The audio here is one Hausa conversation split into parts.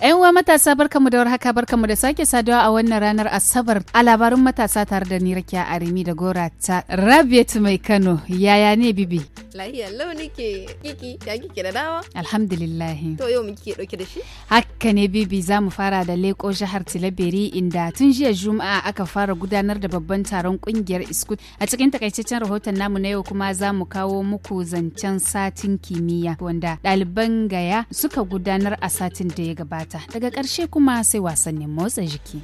'Yan uwa matasa barkamu da warhaka barkamu da sake saduwa a wannan ranar Asabar a labarin matasa tare da ni Rakiya Arimi da Gora ta Rabiat Mai Kano. Yaya ne Bibi? lahiya lau nake kiki ya kike da dawa alhamdulillah to yau kike dauke da shi haka ne bibi za mu fara da leko jihar tilaberi inda tun jiya juma'a aka fara gudanar da babban taron kungiyar iskut a cikin takaitaccen rahoton namu na yau kuma za mu kawo muku zancen satin kimiyya wanda ɗaliban gaya suka gudanar a satin da ya gabata daga ƙarshe kuma sai wasannin motsa jiki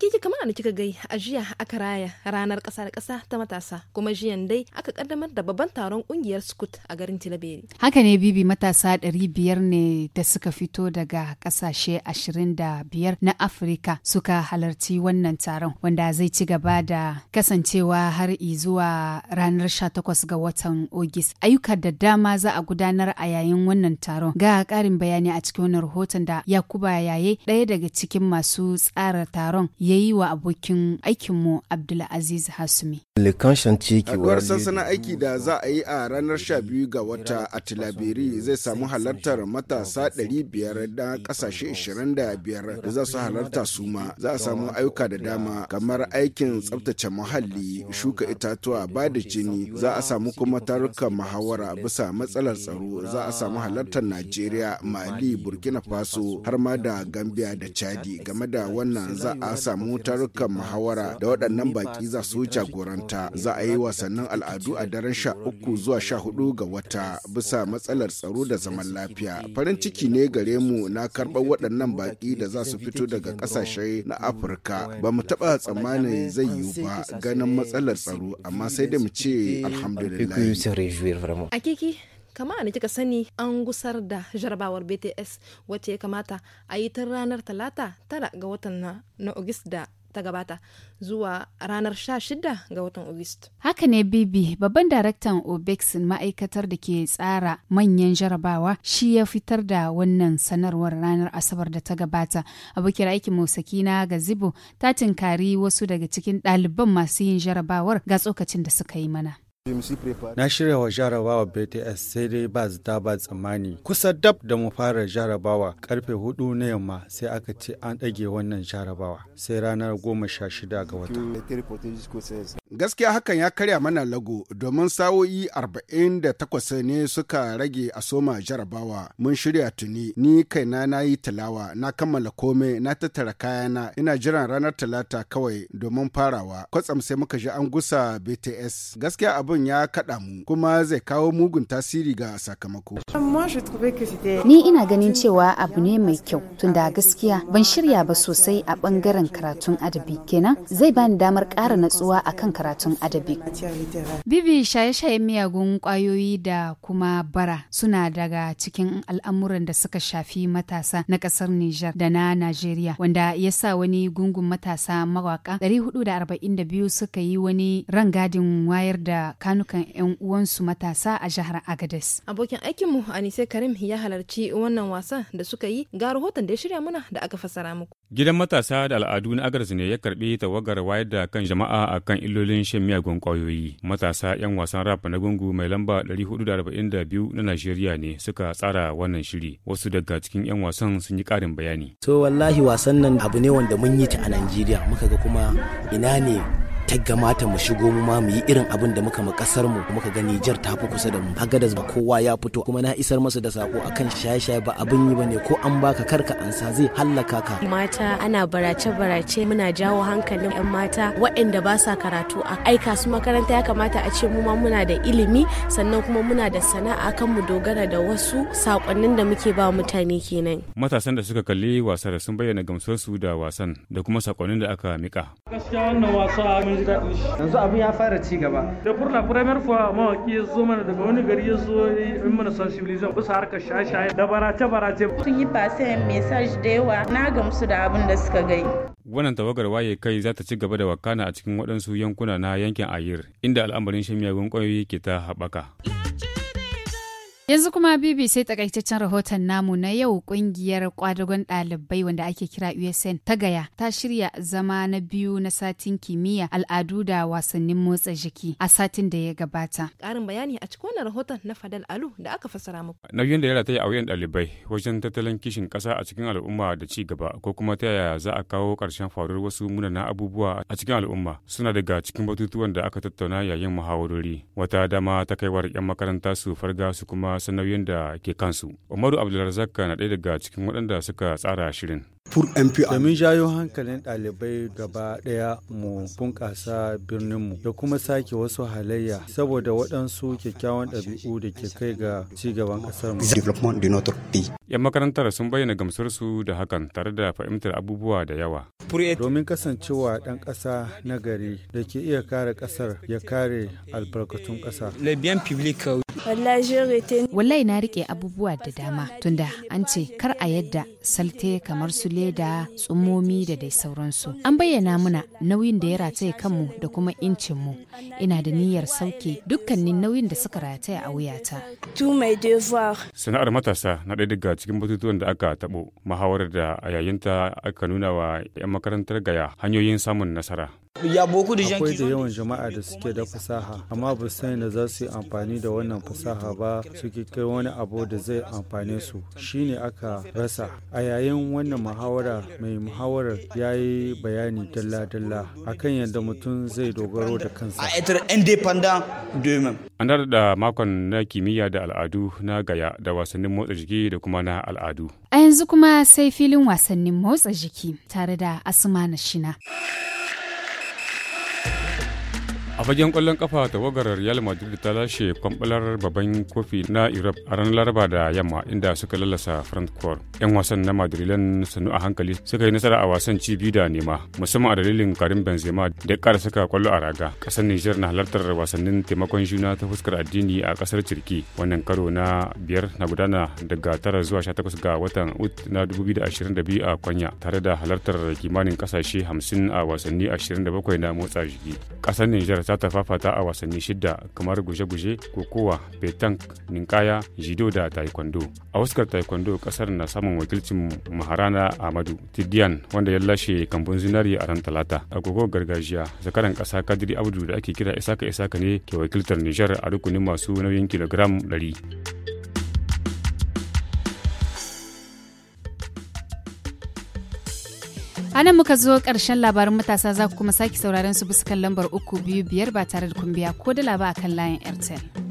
hakiki kamar da kika gai a jiya aka raya ranar kasa da kasa ta matasa kuma jiyan dai aka kaddamar da babban taron ƙungiyar Scout a garin Tilaberi. Haka ne bibi matasa biyar ne da suka fito daga ƙasashe biyar na Afirka suka halarci wannan taron wanda zai ci gaba da kasancewa har zuwa ranar 18 ga watan Ogis. Ayyuka da dama za a gudanar a yayin wannan taron. Ga ƙarin bayani a cikin wannan rahoton da Yakuba Yaye ɗaya daga cikin masu tsara taron ya yi wa abokin aikinmu Abdulaziz Hasumi. Akwai sassana aiki da za a yi a ranar 12 ga wata a Tilabiri zai samu halartar matasa 500 da ƙasashe 25 da za su halarta su ma. Za a samu ayyuka da dama kamar aikin tsabtace muhalli, shuka itatuwa, ba da jini. Za a samu kuma taruka muhawara bisa matsalar tsaro. Za a samu halartar Najeriya, Mali, Burkina Faso har ma da Gambia da Chadi game da wannan za a samu samu tarukan muhawara da waɗannan baƙi za su jagoranta za a yi wasannin al'adu a daren sha uku zuwa sha hudu ga wata bisa matsalar tsaro da zaman lafiya farin ciki ne gare mu na karɓar waɗannan baƙi da za su fito daga ƙasashe na afirka ba mu taɓa tsammanin zai yiwu ba ganin matsalar tsaro amma sai da mu ce alhamdulillah kama da kika sani an gusar da jarabawar bts wacce ya kamata a yi tun ranar talata tara ga watan na, na august da ta gabata zuwa ranar 16 ga watan August. Haka ne Bibi, babban daraktan Obexin ma'aikatar da ke tsara manyan jarabawa shi ya fitar da wannan sanarwar ranar Asabar da ta gabata. Abokiyar aikin Musaki na Gazibo ta tinkari wasu daga cikin ɗaliban masu yin jarabawar ga tsokacin da suka yi mana. Na shirya wa jarabawa BTS sai dai ba zata ba tsammani. Kusa dab da mu fara jarabawa karfe hudu na yamma sai aka ce an ɗage wannan jarabawa sai ranar goma sha shida ga wata. gaskiya hakan ya karya mana lago domin sa'o'i 48 ne suka rage a soma jarabawa mun shirya tuni ni kaina na yi talawa na kammala kome na tattara kayana ina jiran ranar talata kawai domin farawa kwatsam sai muka ji an gusa bts gaskiya abun ya kaɗa mu kuma zai kawo mugun tasiri ga sakamako ni ina ganin cewa abu ne mai kyau tunda gaskiya ban shirya ba sosai a bangaren karatun adabi kenan zai bani damar ƙara natsuwa akan karatun adabi. Bibi shaye-shayen miyagun kwayoyi da kuma bara suna daga cikin al'amuran da suka shafi matasa na ƙasar Nijar da na Najeriya wanda ya sa wani gungun matasa mawaka 442 suka yi wani rangadin wayar da kanukan 'yan uwansu matasa a jihar Agadez. Abokin aikinmu Anise Karim ya halarci wannan wasan da suka yi ga rahoton da ya shirya mana da aka fassara muku. Gidan matasa da al'adu na Agarsu ne ya karbi tawagar wayar da kan jama'a a kan illolin shan miyagun ƙwayoyi. Matasa 'yan wasan rap na gungu mai lamba 442 na Najeriya ne suka tsara wannan shiri. Wasu daga cikin 'yan wasan sun yi ƙarin bayani. To wallahi wasan nan abu ne wanda mun yi ta a Najeriya muka ga kuma ina ne ta gamata mu shigo mu ma mu yi irin abin da muka ma kasar mu muka gani jar ta fi kusa da mu agadas ba kowa ya fito kuma na isar masa da sako akan shaye-shaye ba abin yi bane ko an baka karka ansa zai hallaka ka mata ana barace-barace muna jawo hankalin yan mata waɗanda ba sa karatu a aika su makaranta ya kamata a ce mu ma muna da ilimi sannan kuma muna da sana'a kan mu dogara da wasu sakonnin da muke ba mutane kenan matasan da suka kalli wasar sun bayyana gamsuwar su da wasan da kuma sakonnin da aka mika gaskiya wannan wasa mun ji daɗin yanzu abu ya fara ci gaba da furla premier fo mawaki ya zo mana daga wani gari ya zo in mana sensibilizan bisa harkar da barace-barace sun yi fasayen message da yawa na gamsu da abin da suka gai wannan tawagar waye kai za ta ci gaba da wakana a cikin wadansu yankuna na yankin ayir inda al'amarin shan miyagun ƙwayoyi ke ta haɓaka. Yanzu kuma Bibi sai takaitaccen rahoton namu na yau kungiyar kwadagon ɗalibai wanda ake kira USN ta gaya ta shirya zama na biyu na satin kimiyya al'adu da wasannin motsa jiki a satin da ya gabata. karin bayani a cikin wannan rahoton na Fadal Alu da aka fassara muku. Nauyin da ya rataya a wuyan ɗalibai wajen tattalin kishin ƙasa a cikin al'umma da ci gaba ko kuma ta yaya za a kawo karshen faruwar wasu munanan abubuwa a cikin al'umma suna daga cikin batutuwan da aka tattauna yayin muhawarori. Wata dama ta kaiwar 'yan makaranta su farga su kuma san nauyin da ke kansu. Umaru Abdulrazak na ɗaya daga cikin waɗanda suka tsara shirin. Domin jayo hankalin ɗalibai gaba ɗaya mu bunƙasa birninmu da kuma sake wasu halayya saboda waɗansu kyakkyawan ɗabi'u da ke kai ga cigaban ƙasarmu. Yan makarantar sun bayyana gamsarsu da hakan tare da fahimtar abubuwa da yawa. domin kasancewa ɗan ƙasa na gari da ke iya kare ƙasar ya kare albarkatun ƙasa. Wallahi na riƙe abubuwa da dama tunda an ce kar a yadda salte kamar su leda, tsummomi da dai sauransu. An bayyana muna nauyin da ya rataye kanmu da kuma incinmu. Ina da niyyar sauke dukkanin nauyin da suka rataye a wuyata. Sana'ar matasa na ɗaya daga cikin batutuwan da aka taɓo muhawarar da a yayinta aka nuna wa 'yan makarantar gaya hanyoyin samun nasara. Akwai da yawan jama'a da suke da fasaha, amma ba su da za su yi amfani da wannan fasaha ba su kai wani abu da zai amfane su. Shi ne aka rasa. A yayin wannan muhawara mai muhawarar ya yi bayani dalla-dalla kan yadda mutum zai dogaro da kansa. A An da makon na kimiyya da al'adu na gaya da wasannin motsa jiki da kuma na al'adu. A yanzu kuma sai filin wasannin motsa jiki tare da Asuma na Shina. a fagen kwallon kafa tawagar real madrid ta lashe kwambalar babban kofi na europe a ranar laraba da yamma inda suka lalasa francfort yan wasan na madrilen sanu a hankali suka yi nasara a wasan ci biyu da nema musamman a dalilin karim benzema da kara suka kwallo a raga ƙasar niger na halartar wasannin taimakon juna ta fuskar addini a kasar turki wannan karo na biyar na gudana daga tara zuwa sha takwas ga watan ut na biyu a kwanya tare da halartar kimanin kasashe hamsin a wasanni ashirin da bakwai na motsa jiki ƙasar niger za ta fafata a wasanni shida kamar guje-guje kokowa betank ninkaya jido da taekwondo a waskar taekwondo kasar na samun wakilcin maharana amadu tidian wanda ya lashe kambun zinari a ran talata agogo gargajiya zakaran kasa kadiri abudu da ake kira isaka isaka ne ke wakiltar nijar a rukunin masu nauyin kilogram 100 A nan muka zo ƙarshen labarin matasa za ku kuma sake sauraron su bisa kan lambar uku biyu biyar ba tare da kumbiya ko da laba a kan layin Airtel.